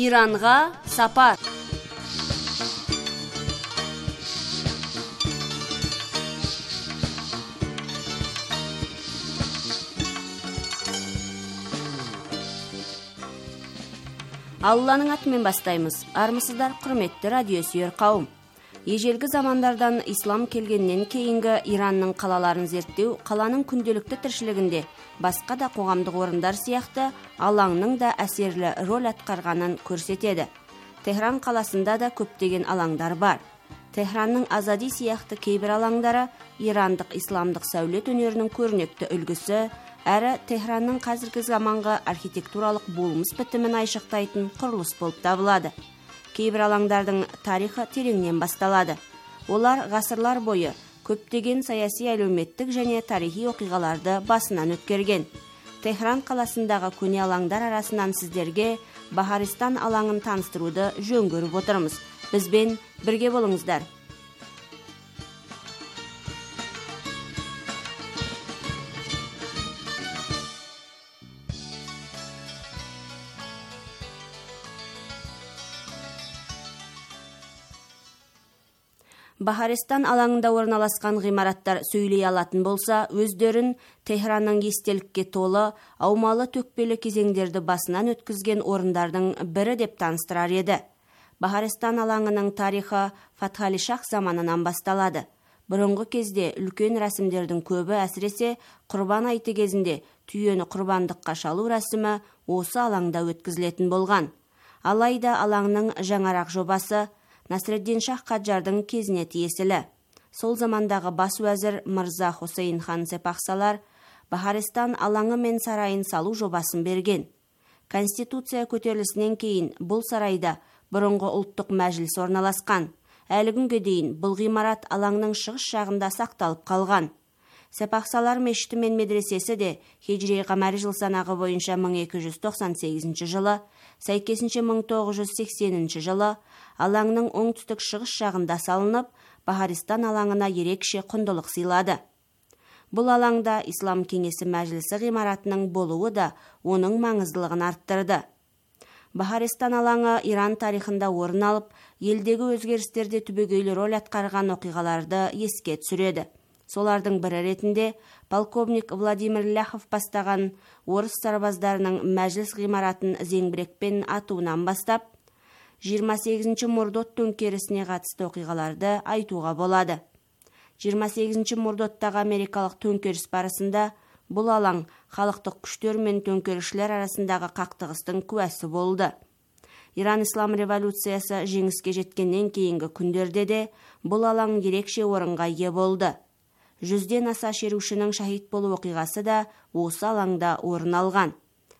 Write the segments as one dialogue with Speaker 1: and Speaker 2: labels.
Speaker 1: иранға сапар алланың атымен бастаймыз армысыздар құрметті радио қауым ежелгі замандардан ислам келгеннен кейінгі иранның қалаларын зерттеу қаланың күнделікті тіршілігінде басқа да қоғамдық орындар сияқты алаңның да әсерлі рөл атқарғанын көрсетеді техран қаласында да көптеген алаңдар бар техранның азади сияқты кейбір алаңдары ирандық исламдық сәулет өнерінің көрнекті үлгісі әрі техранның қазіргі заманғы архитектуралық болмыс бітімін айшықтайтын құрылыс болып табылады кейбір алаңдардың тарихы тереңнен басталады олар ғасырлар бойы көптеген саяси әлеуметтік және тарихи оқиғаларды басынан өткерген Техран қаласындағы көне алаңдар арасынан сіздерге Бахаристан алаңын таныстыруды жөн көріп отырмыз бізбен бірге болыңыздар бахаристан алаңында орналасқан ғимараттар сөйлей алатын болса өздерін техранның естелікке толы аумалы төкпелі кезеңдерді басынан өткізген орындардың бірі деп таныстырар еді бахаристан алаңының тарихы фатхали шах заманынан басталады бұрынғы кезде үлкен рәсімдердің көбі әсіресе құрбан айты кезінде түйені құрбандыққа шалу рәсімі осы алаңда өткізілетін болған алайда алаңның жаңарақ жобасы насреддин шах қаджардың кезіне тиесілі сол замандағы бас уәзір мырза хусейн хан сепақсалар бахаристан алаңы мен сарайын салу жобасын берген конституция көтерілісінен кейін бұл сарайда бұрынғы ұлттық мәжіліс орналасқан әлі күнге дейін бұл ғимарат алаңның шығыс жағында сақталып қалған сепақсалар мешіті мен медресесі де хижри қамари жыл санағы бойынша 1298 жылы сәйкесінше 1980 жылы алаңның оңтүстік шығыс жағында салынып бахаристан алаңына ерекше құндылық сыйлады бұл алаңда ислам кеңесі мәжілісі ғимаратының болуы да оның маңыздылығын арттырды бахаристан алаңы иран тарихында орын алып елдегі өзгерістерде түбегейлі рөл атқарған оқиғаларды еске түсіреді солардың бірі ретінде полковник владимир ляхов бастаған орыс сарбаздарының мәжіліс ғимаратын зеңбірекпен атуынан бастап 28 мордот төңкерісіне қатысты оқиғаларды айтуға болады 28 мордоттағы америкалық төңкеріс барысында бұл алаң халықтық күштер мен төңкерісшілер арасындағы қақтығыстың куәсі болды иран ислам революциясы жеңіске жеткеннен кейінгі күндерде де бұл алаң ерекше орынға ие болды жүзден аса шерушінің шахит болу оқиғасы да осы алаңда орын алған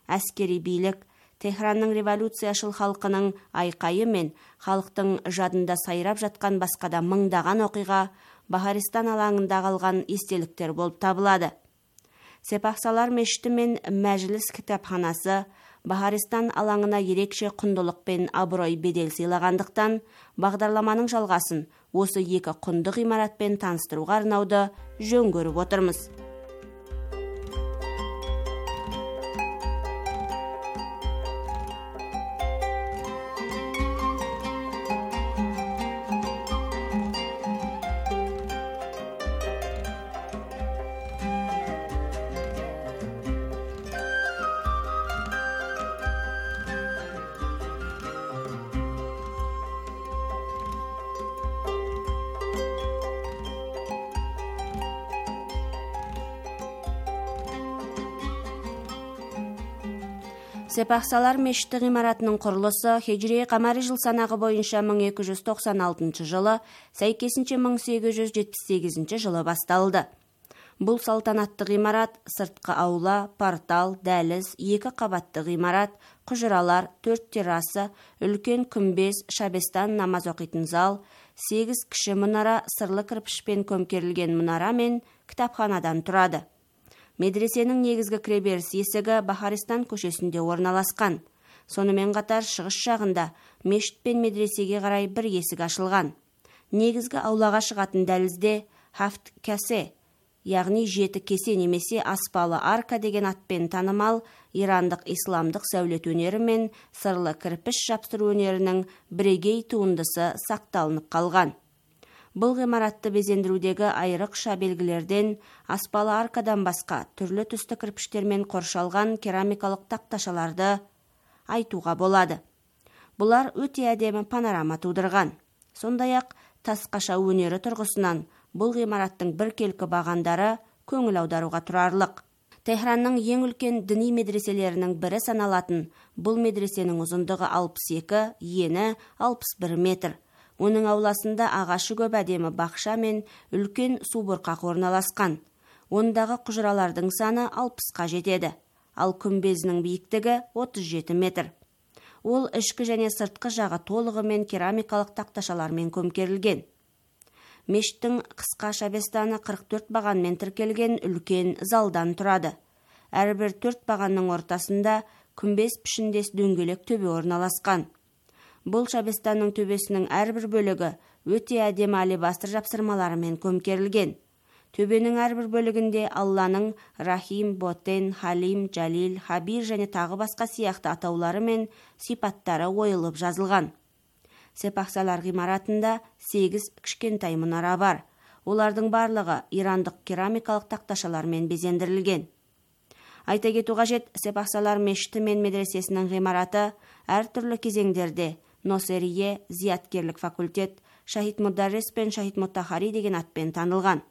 Speaker 1: әскери билік Техранның революцияшыл халқының айқайы мен халықтың жадында сайрап жатқан басқа да мыңдаған оқиға Бахаристан алаңында қалған естеліктер болып табылады. Сепақсалар мешіті мен мәжіліс кітапханасы Бахаристан алаңына ерекше құндылық пен абырой бедел сыйлағандықтан бағдарламаның жалғасын осы екі құнды ғимаратпен таныстыруға арнауды жөн көріп отырмыз Бақсалар мешіті ғимаратының құрылысы хижри қамари жыл санағы бойынша 1296 жылы, сәйкесінше 1878 жылы басталды. Бұл салтанатты ғимарат сыртқы аула, портал, дәліз, екі қабатты ғимарат, құжыралар, төрт террасы, үлкен күмбез, шабестан намаз оқитын зал, сегіз кіші мұнара сырлы кірпішпен көмкерілген мұнара мен кітапханадан тұрады медресенің негізгі кіреберіс есігі бахаристан көшесінде орналасқан сонымен қатар шығыс жағында мешіт пен медресеге қарай бір есік ашылған негізгі аулаға шығатын дәлізде хафт кәсе яғни жеті кесе немесе аспалы арка деген атпен танымал ирандық исламдық сәулет өнері мен сырлы кірпіш жапсыру өнерінің бірегей туындысы сақталынып қалған бұл ғимаратты безендірудегі айрықша белгілерден аспалы аркадан басқа түрлі түсті кірпіштермен қоршалған керамикалық тақташаларды айтуға болады бұлар өте әдемі панорама тудырған сондай ақ тасқаша өнері тұрғысынан бұл ғимараттың біркелкі бағандары көңіл аударуға тұрарлық Техранның ең үлкен діни медреселерінің бірі саналатын бұл медресенің ұзындығы 62, ені 61 метр оның ауласында ағашы көп әдемі бақша мен үлкен субұрқақ орналасқан ондағы құжыралардың саны алпысқа жетеді ал күмбезінің биіктігі 37 метр ол ішкі және сыртқы жағы толығымен керамикалық тақташалармен көмкерілген мешіттің қысқа шабестаны 44 бағанмен тіркелген үлкен залдан тұрады әрбір төрт бағанның ортасында күмбез пішіндес дөңгелек төбе орналасқан бұл шабестанның төбесінің әрбір бөлігі өте әдемі алебастыр жапсырмаларымен көмкерілген төбенің әрбір бөлігінде алланың рахим ботен халим жалил хабир және тағы басқа сияқты атаулары мен сипаттары ойылып жазылған сепақсалар ғимаратында сегіз кішкентай мұнара бар олардың барлығы ирандық керамикалық тақташалармен безендірілген айта кету қажет сепақсалар мешіті мен медресесінің ғимараты әртүрлі кезеңдерде носерие зияткерлік факультет шахид мұдаррес пен шахид мұтахари деген атпен танылған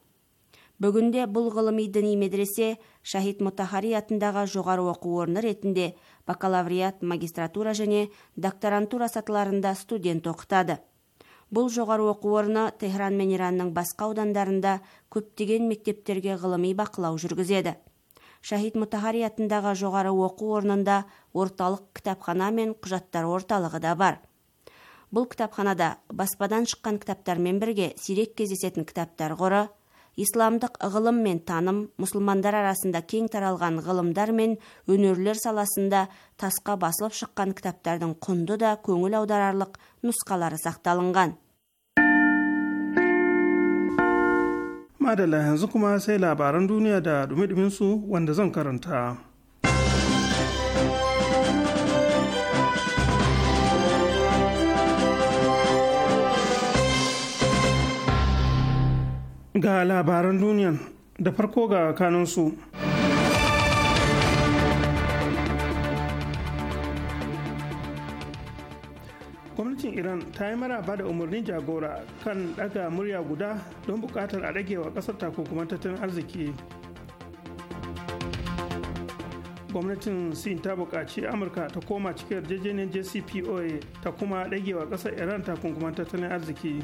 Speaker 1: бүгінде бұл ғылыми діни медресе шахид мұтахари атындағы жоғары оқу орны ретінде бакалавриат магистратура және докторантура сатыларында студент оқытады бұл жоғары оқу орны техран мен иранның басқа аудандарында көптеген мектептерге ғылыми бақылау жүргізеді шахид мұтахари атындағы жоғары оқу орнында орталық кітапхана мен құжаттар орталығы да бар бұл кітапханада баспадан шыққан кітаптармен бірге сирек кездесетін кітаптар қоры исламдық ғылым мен таным мұсылмандар арасында кең таралған ғылымдар мен өнерлер саласында тасқа басылып шыққан кітаптардың құнды да көңіл аударарлық нұсқалары сақталынған
Speaker 2: ga labaran duniyan da farko ga kanunsu gwamnatin iran ta yi maraba da umarnin jagora kan daga murya guda don bukatar a dagewa kasar takunkuman tattalin arziki gwamnatin sin ta bukaci amurka ta koma cikin yarjejeniyar jcpoa ta kuma dagewa kasar iran takunkuman tattalin arziki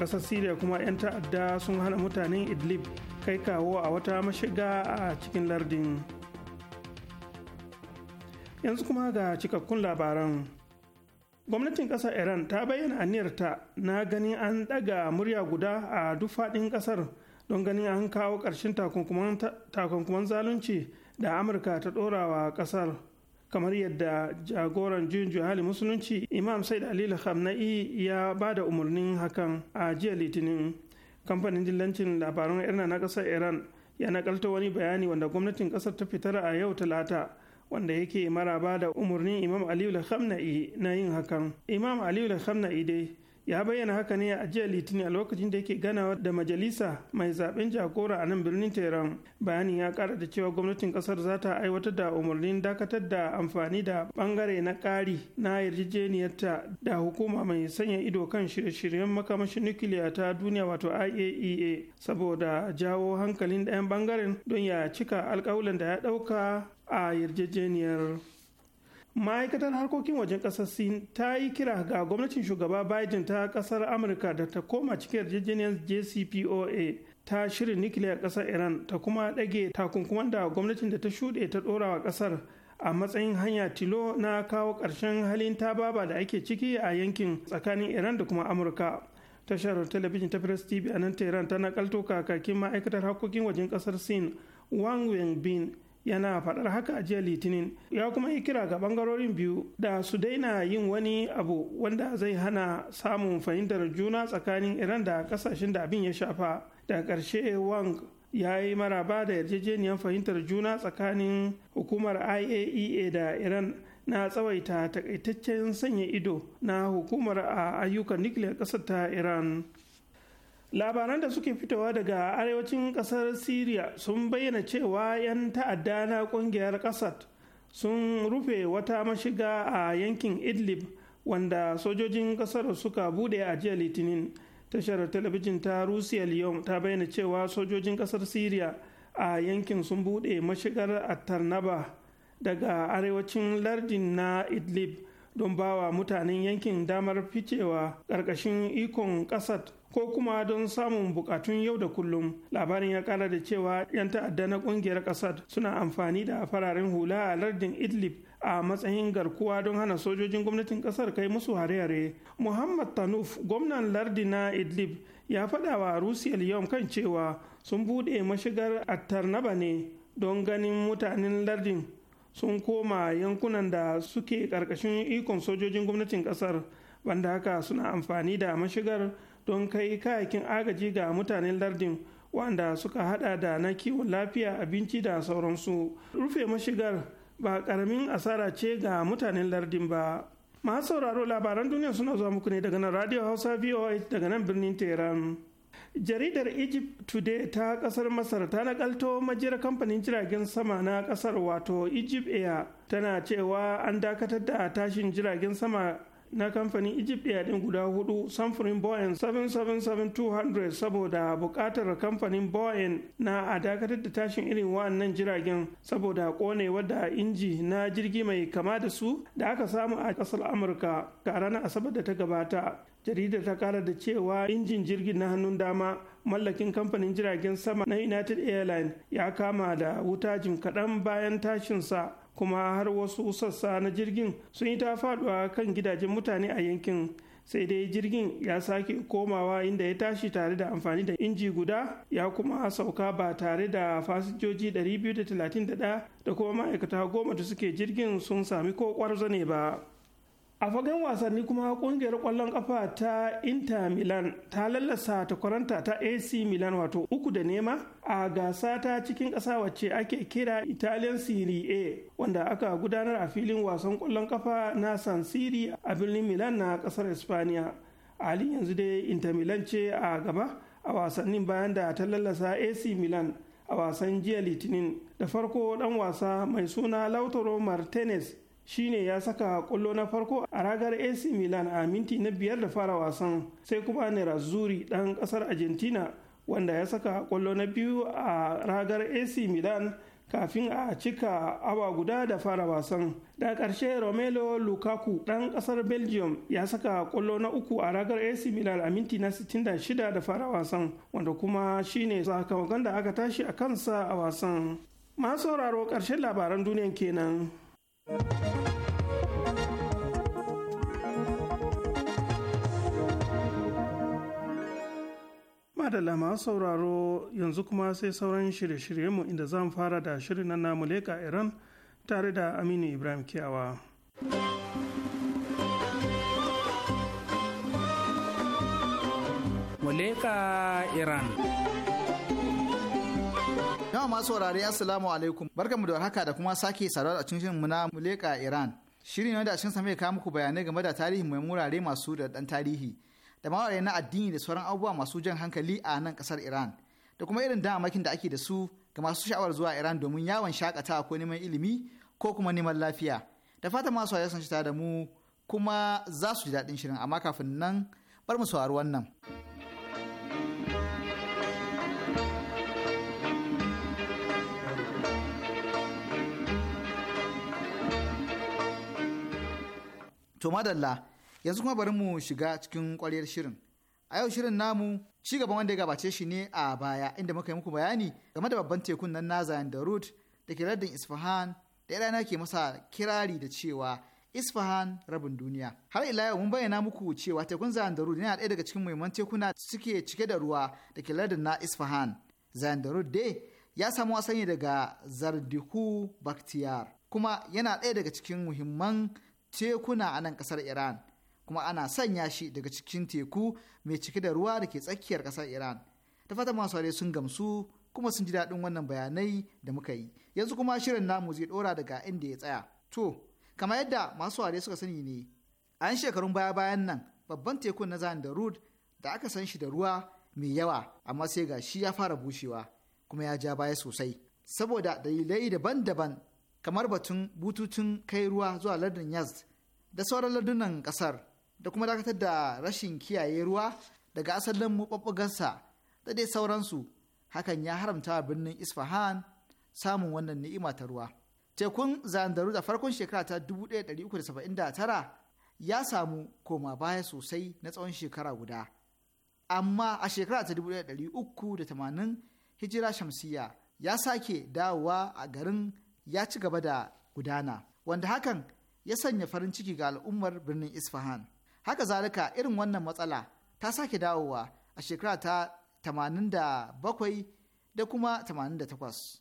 Speaker 2: ƙasar syria kuma 'yan ta'adda sun hana mutanen idlib kai kawo a wata mashiga a cikin lardin yanzu kuma ga cikakkun labaran gwamnatin ƙasar iran ta bayyana aniyarta na ganin an ɗaga murya guda a duk faɗin ƙasar don ganin an kawo ƙarshen takunkuman zalunci da amurka ta ɗorawa ƙasar kamar yadda jagoran juyin hali musulunci imam said alila khamna'i ya ba da umarnin hakan a jiya litinin kamfanin dillancin labaran irna na ƙasar iran ya nakalta wani bayani wanda gwamnatin ƙasar ta fitar a yau talata wanda yake maraba da umarnin imam aliyu khamna'i na yin hakan imam aliyu khamna'i dai ya bayyana haka ne a jiya litinin a lokacin da yake ganawa da majalisa mai zaben jagora a nan birnin tehran bayanin ya kara da cewa gwamnatin kasar za ta aiwatar da umarnin dakatar da amfani da bangare na kari na yarjejeniyarta da hukuma mai sanya ido kan shirye-shiryen makamashin nukiliya ta duniya wato iaea e saboda jawo hankalin ɗayan bangaren don ya cika alkawulan da ya ɗauka a yarjejeniyar ma'aikatar harkokin wajen ƙasar sin ta yi kira ga gwamnatin shugaba biden ta kasar amurka da ta koma cikin yarjejeniyar jcpoa ta shirin nukiliyar ƙasar iran ta kuma ɗage takunkuman da gwamnatin da ta shuɗe ta ɗora wa kasar a matsayin hanya tilo na kawo ƙarshen halin tababa da ake ciki a yankin tsakanin iran da kuma amurka tashar talabijin ta press tv a nan tehran ta nakalto kakakin ma'aikatar harkokin wajen ƙasar sin wang wenbin yana faɗar haka a jiya litinin ya kuma yi kira ga ɓangarorin biyu da su daina yin wani abu wanda zai hana samun fahimtar juna tsakanin iran da ƙasashen da abin ya shafa da ƙarshe wang ya yi maraba da yarjejeniyar fahimtar juna tsakanin hukumar iaea e da iran na tsawaita takaitaccen sanya ido na hukumar a ayyukan nukiliyar ƙasar ta iran labaran da suke fitowa daga arewacin kasar syria sun bayyana cewa 'yan ta'adda na kungiyar kasar sun rufe wata mashiga a yankin idlib wanda sojojin kasar suka bude a jiya litinin tashar talabijin ta russia lyon ta bayyana cewa sojojin kasar syria a yankin sun bude mashigar attarnaba daga arewacin lardin na idlib don bawa mutanen yankin damar ficewa ƙarƙashin ikon kasar ko kuma don samun bukatun yau da kullum labarin ya kara da cewa 'yan ta'adda na kungiyar kasar suna amfani da fararen hula a lardin idlib a matsayin garkuwa don hana sojojin gwamnatin kasar kai musu hare-hare muhammad tanuf gwamnan lardi na idlib ya faɗawa wa rusiyal yau kan cewa sun buɗe mashigar attarnaba ne don ganin mutanen lardin sun koma yankunan da suke ƙarƙashin ikon sojojin gwamnatin ƙasar banda haka suna amfani da mashigar don kai kayakin agaji ga mutanen lardin wanda suka hada da na kiwon lafiya abinci da sauransu rufe mashigar ba karamin asara ce ga mutanen lardin ba masu sauraro labaran duniya suna zuwa muku ne daga nan radio hausa voh daga nan birnin tehran jaridar egypt today ta kasar masar ta nakalto majiyar kamfanin jiragen sama na kasar wato egypt air tana cewa an dakatar da tashin jiragen sama na kamfanin egypt din guda hudu samfurin boeing 777-200 saboda bukatar kamfanin boeing na a dakatar da tashin irin wannan jiragen saboda kone wadda inji na jirgi mai kama da su da aka samu a kasar amurka ga ranar asabar da ta gabata jaridar ta kara da cewa injin jirgin na hannun dama mallakin kamfanin jiragen sama na united airlines ya kama da wuta jim kaɗan bayan tashinsa kuma har wasu sassa na jirgin sun yi ta faduwa kan gidajen mutane a yankin sai dai jirgin ya sake komawa inda ya tashi tare da amfani da inji guda ya kuma sauka ba tare da fasinjoji 231 da kuma ma'aikata goma da suke jirgin sun sami ko ne ba. a fagen wasanni kuma kungiyar kwallon kafa ta inter milan ta lallasa takwaranta ta ac milan wato uku da nema a gasa ta cikin ƙasa wacce ake kira italian serie a wanda aka gudanar a filin wasan kwallon kafa na san siri a birnin milan na ƙasar espaniya halin yanzu dai inter milan ce a gaba a wasannin bayan da ta lallasa ac milan a wasan jiya litinin da farko dan wasa mai suna lautaro martinez shine ya saka kwallo na farko a ragar AC Milan a minti na biyar da fara wasan sai kuma Nerazzurri dan kasar Argentina wanda ya saka kwallo na biyu a ragar AC Milan kafin a cika awa guda da fara wasan. Da ƙarshe romelo Lukaku ɗan ƙasar Belgium ya saka kwallo na uku a ragar AC Milan a minti na 66 da fara wasan wanda kuma shine sakamakon da aka tashi a kansa a wasan. Masu sauraro ƙarshen labaran duniyan kenan. madalla ma sauraro yanzu kuma sai sauran shirye-shiryenmu inda zan fara da shirin na namu leka iran tare da aminu ibrahim kiyawa
Speaker 3: muleka iran Jama'a masu wurare Assalamu alaikum. Barkanmu da warhaka da kuma sake saduwa a cikin mu na Muleka Iran. Shirin wanda a cikin sa mai muku bayanai game da tarihi mai murare masu da dan tarihi da maware na addini da sauran abubuwa masu jan hankali a nan kasar Iran da kuma irin damakin da ake da su ga masu sha'awar zuwa Iran domin yawon shakata ko neman ilimi ko kuma neman lafiya. Da fatan masu wurare sun ci da mu kuma za su ji daɗin shirin amma kafin nan bar mu saurari wannan. To madalla yanzu kuma bari mu shiga cikin kwaryar shirin. A yau shirin namu ci gaban wanda ya gabace shi ne a baya inda muka yi muku bayani game da babban tekun nan Nazayan da Root da ke lardin Isfahan da rana ke masa kirari da cewa Isfahan rabin duniya. Har ila yau mun bayyana muku cewa tekun Zayan da Root yana ɗaya daga cikin muhimman tekuna suke cike da ruwa da ke lardin na Isfahan. Zayan da Root dai ya samu asali daga Zardihu Baktiyar kuma yana ɗaya daga cikin muhimman tekuna a nan ƙasar Iran kuma ana sanya shi daga cikin teku mai cike da ruwa da ke tsakiyar ƙasar Iran. Ta fata masu aure sun gamsu kuma sun ji daɗin wannan bayanai da muka yi. Yanzu kuma shirin namu zai ɗora daga inda ya tsaya. To, kamar yadda masu aure suka sani ne, a yan shekarun baya-bayan nan babban tekun na Rud da aka san shi da ruwa mai yawa amma sai ga shi ya fara bushewa kuma ya ja baya sosai. Saboda dalilai daban-daban kamar batun bututun kai ruwa zuwa lardin Yazd da sauran lardunan kasar da kuma dakatar da rashin kiyaye ruwa daga asalin mabubbugarsa da dai sauransu hakan ya haramta wa birnin Isfahan samun wannan ni'ima ta ruwa. Tekun Zandaru da farkon shekara ta 1379 ya samu koma baya sosai na tsawon shekara guda. Amma a shekara ta 1380 hijira shamsiya ya sake dawowa a garin ya ci gaba da gudana wanda hakan ya sanya farin ciki ga al'ummar birnin isfahan haka zalika irin wannan matsala ta sake dawowa a shekara ta 87 da kuma 88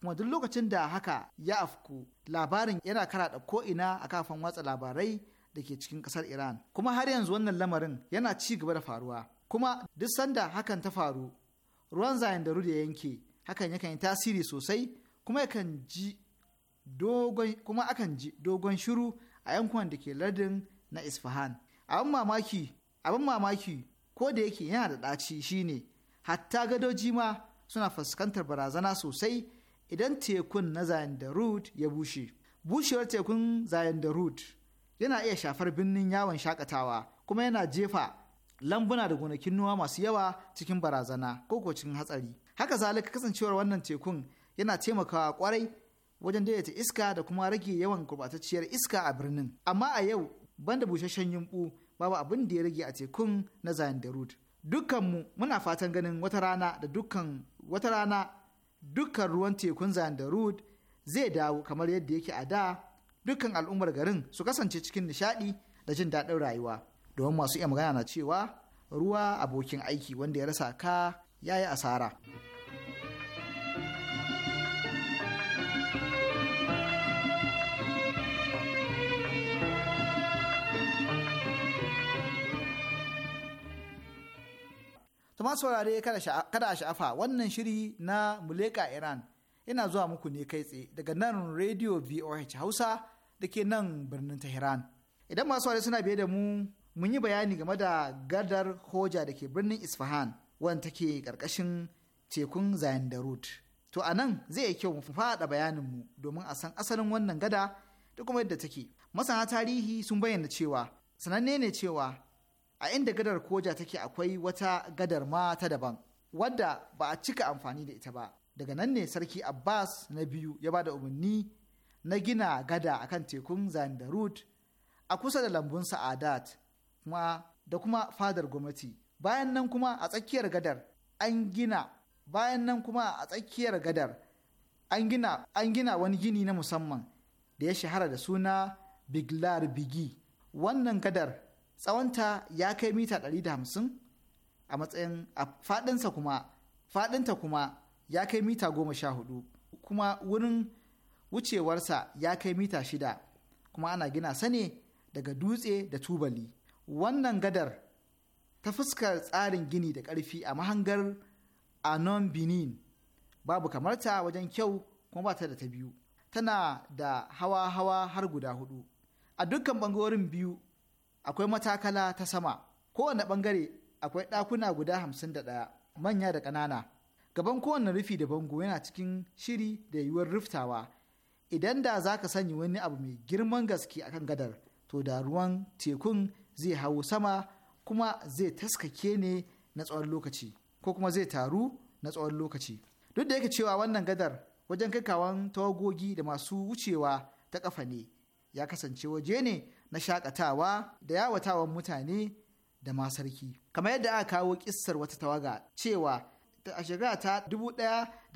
Speaker 3: kuma duk lokacin da haka ya afku labarin yana karaɗa ko'ina a kafin watsa labarai da ke cikin ƙasar iran kuma har yanzu wannan lamarin yana ci gaba da faruwa kuma duk sanda hakan ta faru ruwan zayen da ya yanke hakan yakan yi tasiri sosai kuma yakan ji kuma akan ji dogon shiru a yankunan da ke lardin na Isfahan. Abin mamaki, abin mamaki ko da yake yana da ɗaci shine hatta gadoji ma suna fuskantar barazana sosai idan tekun na da ya bushe. Bushewar tekun da Darud yana iya shafar birnin yawon shakatawa kuma yana jefa lambuna da gonakin noma masu yawa cikin barazana ko cikin hatsari. Haka zalika kasancewar wannan tekun yana taimakawa kwarai wajen daidaita iska da kuma rage yawan gurɓatacciyar iska a birnin amma a yau banda busasshen yumɓu babu abin da ya rage a tekun na zayan darut dukkanmu muna fatan ganin wata rana da dukkan wata rana dukkan ruwan tekun zayan zai dawo kamar yadda yake a da dukkan al'ummar garin su kasance cikin nishaɗi da jin daɗin rayuwa domin masu iya magana na cewa ruwa abokin aiki wanda ya rasa ka ya yi asara. Tuma saurare kada a sha'afa wannan shiri na Muleka Iran yana zuwa muku ne kai tsaye daga nan Radio VOH Hausa da ke nan birnin Tehran. Idan masu saurare suna biye da mu mun yi bayani game da gadar hoja da ke birnin Isfahan wanda take karkashin tekun Zayan Darut. To a nan zai yi kyau mu faɗa bayanin mu domin a san asalin wannan gada da kuma yadda take. Masana tarihi sun bayyana cewa sananne ne cewa a inda gadar koja take akwai wata gadar ma ta daban wadda ba a cika amfani da ita ba daga nan ne sarki abbas na biyu ya ba da umarni na gina gada a kan tekun zandarut a kusa da lambun sa'adat da kuma fadar gwamnati bayan nan kuma a tsakiyar gadar an gina bayan nan kuma a tsakiyar gadar an gina an gina wani gini na musamman da ya shahara da suna biglar bigi wannan gadar tsawonta ya kai mita 150 a matsayin a fadinsa kuma fadinta kuma ya kai mita 14 kuma wurin wucewarsa ya kai mita 6 kuma ana gina sa daga dutse da tubali wannan gadar ta fuskar tsarin gini da ƙarfi a mahangar anon benin babu kamarta wajen kyau kuma ba ta da ta biyu tana da hawa-hawa har guda hudu a dukkan bangorin biyu akwai matakala ta sama kowane bangare akwai ɗakuna guda hamsin da ɗaya manya da ƙanana gaban kowane rufi da bango yana cikin shiri da yiwuwar ruftawa idan da za ka sanya wani abu mai girman gaske a kan gadar to da ruwan tekun zai hau sama kuma zai taskake ne na tsawon lokaci ko kuma zai taru na tsawon lokaci duk da yake cewa wannan gadar wajen kai kawon tawagogi da masu wucewa ta kafa ne ya kasance waje ne na shakatawa da yawatawan mutane da ma sarki kamar yadda aka kawo kissar wata tawaga cewa a shekara ta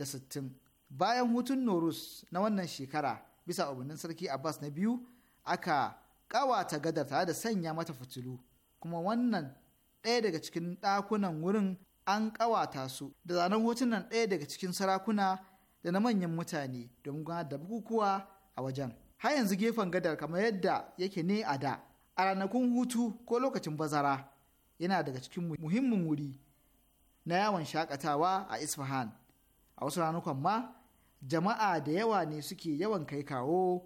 Speaker 3: sittin bayan hutun norus na wannan shekara bisa umarnin sarki abbas na biyu aka kawata gadar tare da sanya mata fitilu kuma wannan ɗaya daga cikin ɗakunan wurin an kawata su da zanen hotunan ɗaya daga cikin sarakuna da na manyan mutane don gudanar da bukukuwa a wajen. har yanzu gefen gadar kamar yadda yake ne a da a ranakun hutu ko lokacin bazara yana daga cikin muhimmin wuri na yawon shakatawa a isfahan a wasu ranakun ma jama'a da yawa ne suke yawan kai kawo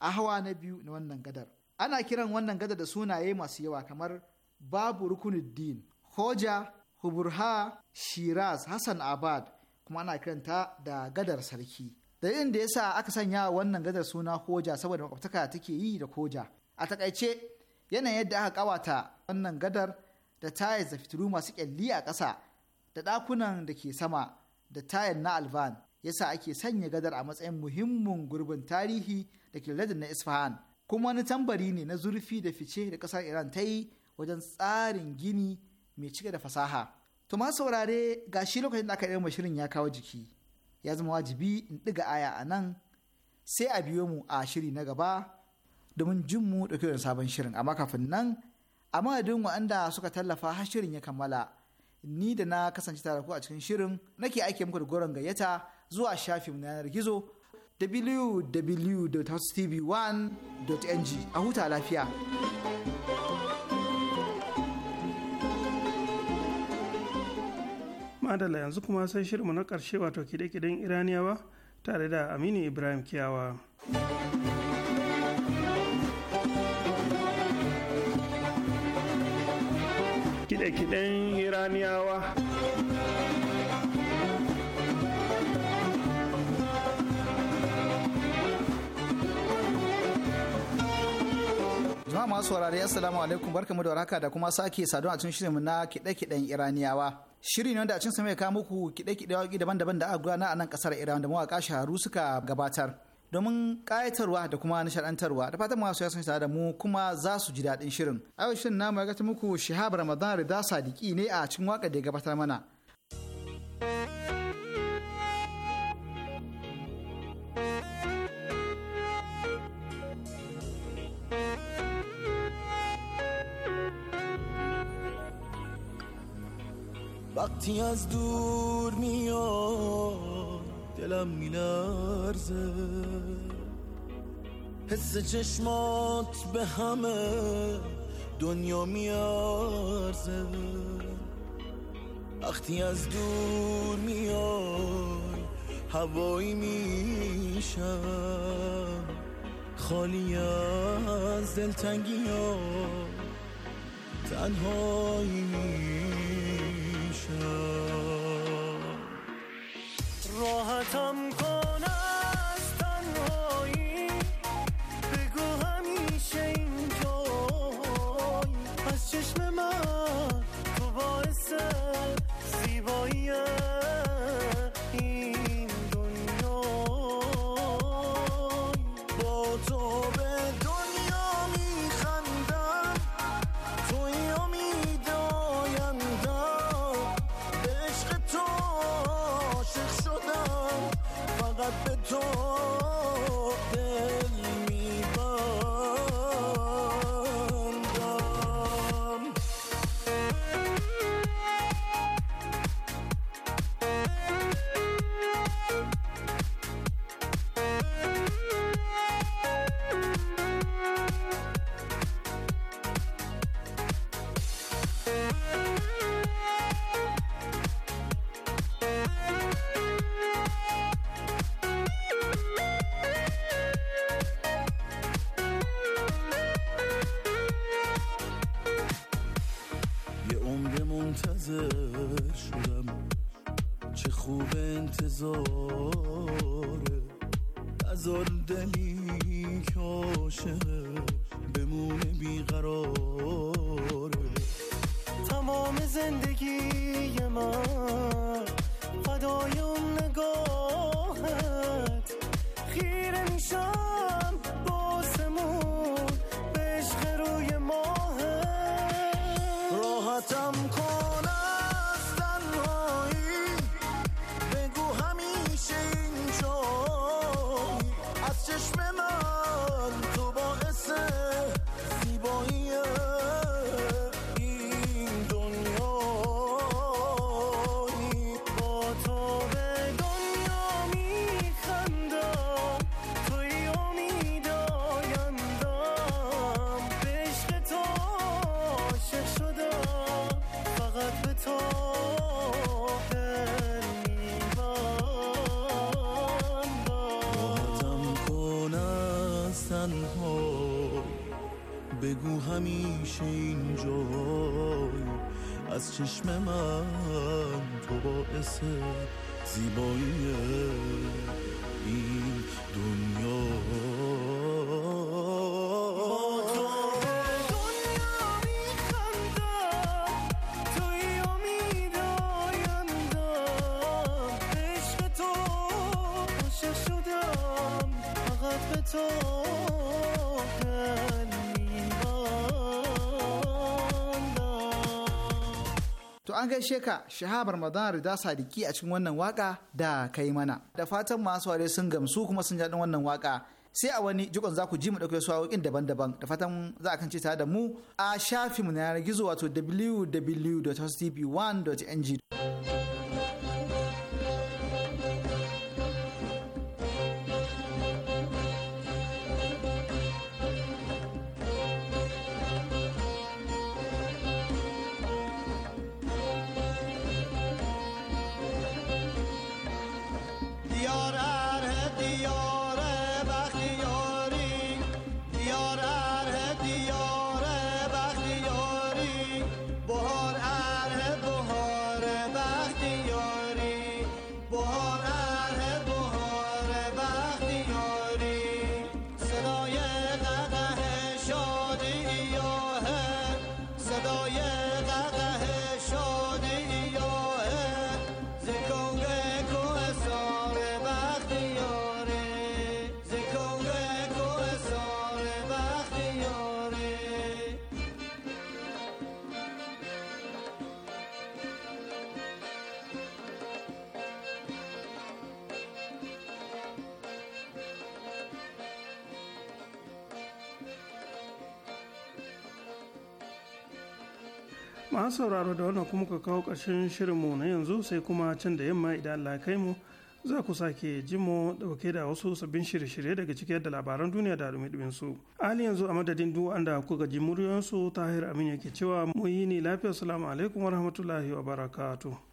Speaker 3: a hawa na biyu na wannan gadar ana kiran wannan gadar da sunaye masu yawa kamar babu rukunin hoja huburha shiraz hassan abad kuma ana kiranta da gadar sarki dalilin da ya sa aka sanya wannan gadar suna koja saboda makwabtaka take yi da koja a takaice yanayin yadda aka kawata wannan gadar da tayar da fitilu masu kyalli a ƙasa da ɗakunan da ke sama da tayar na alvan ya yasa ake sanya gadar a matsayin muhimmin gurbin tarihi da ke na isfahan kuma wani tambari ne na zurfi da fice da ƙasar iran ta yi wajen tsarin gini mai cike da fasaha to ma saurare shi lokacin da aka ɗaya shirin ya kawo jiki ya zama wajibi in ɗiga aya a nan sai a biyo mu a shiri na gaba domin jin mu ɗauke da sabon shirin amma kafin nan a madadin waɗanda suka tallafa har shirin ya kammala ni da na kasance tare ku a cikin shirin nake aiki muku da goron gayyata zuwa shafin yanar gizo www.tv1.ng a huta lafiya.
Speaker 2: madala yanzu kuma sai shirinmu na ƙarshe wato kide-kiden iraniyawa tare da aminu ibrahim kiyawa kide-kiden iraniyawa
Speaker 3: jama'a masu warare assalamu alaikum barkamu da waraka da kuma sake saduwa a cikin shirinmu na kide-kiden iraniyawa Shiri ne wanda a cin sa mai kawo muku kiɗe-kiɗe waƙi daban-daban da aka gudana a nan ƙasar Iran da mawaƙa shaharu suka gabatar. Domin ƙayatarwa da kuma nishaɗantarwa da fatan masu yasan da mu kuma za su ji daɗin shirin. A yau shirin namu ya gata muku Shihab Ramadan Rida Sadiki ne a cikin waƙar da ya gabatar mana.
Speaker 4: وقتی از دور میاد دلم میلرزه حس چشمات به همه دنیا میارزه وقتی از دور میای هوایی میشم خالی از دلتنگی ها تنهایی
Speaker 5: راحتم کن از تنهایی بگو همیشه اینجایی از چشم من تو باعث زیبایی
Speaker 4: نزار دلی کاشه بمونه بیقراره
Speaker 5: تمام زندگی من فدای اون نگاهت خیره میشم
Speaker 4: بگو همیشه اینجای از چشم من تو باعث زیبایی این
Speaker 3: gaishe ka shahabar madan rida sadiki a cikin wannan waka da kai mana da fatan masu ware sun gamsu kuma sun jaɗin wannan waka sai a wani jikon za ku ji mu ɗauke su waƙoƙin daban-daban da fatan za a kan ta da mu a shafinmu na yanar gizo wato www.hostv1.ng
Speaker 2: masu sauraro da wannan kuma ka kawo ƙarshen shirinmu na yanzu sai kuma can da yamma idan Allah kai mu za ku sake ji mu dauke da wasu sabbin shirye-shirye daga cike da labaran duniya da ɗubin su Ali yanzu a madadin duk wanda kuka ji muryoyinsu tahir amin yake cewa mu yi ni lafiya salamu alaikum wa rahmatullahi wa barakatuh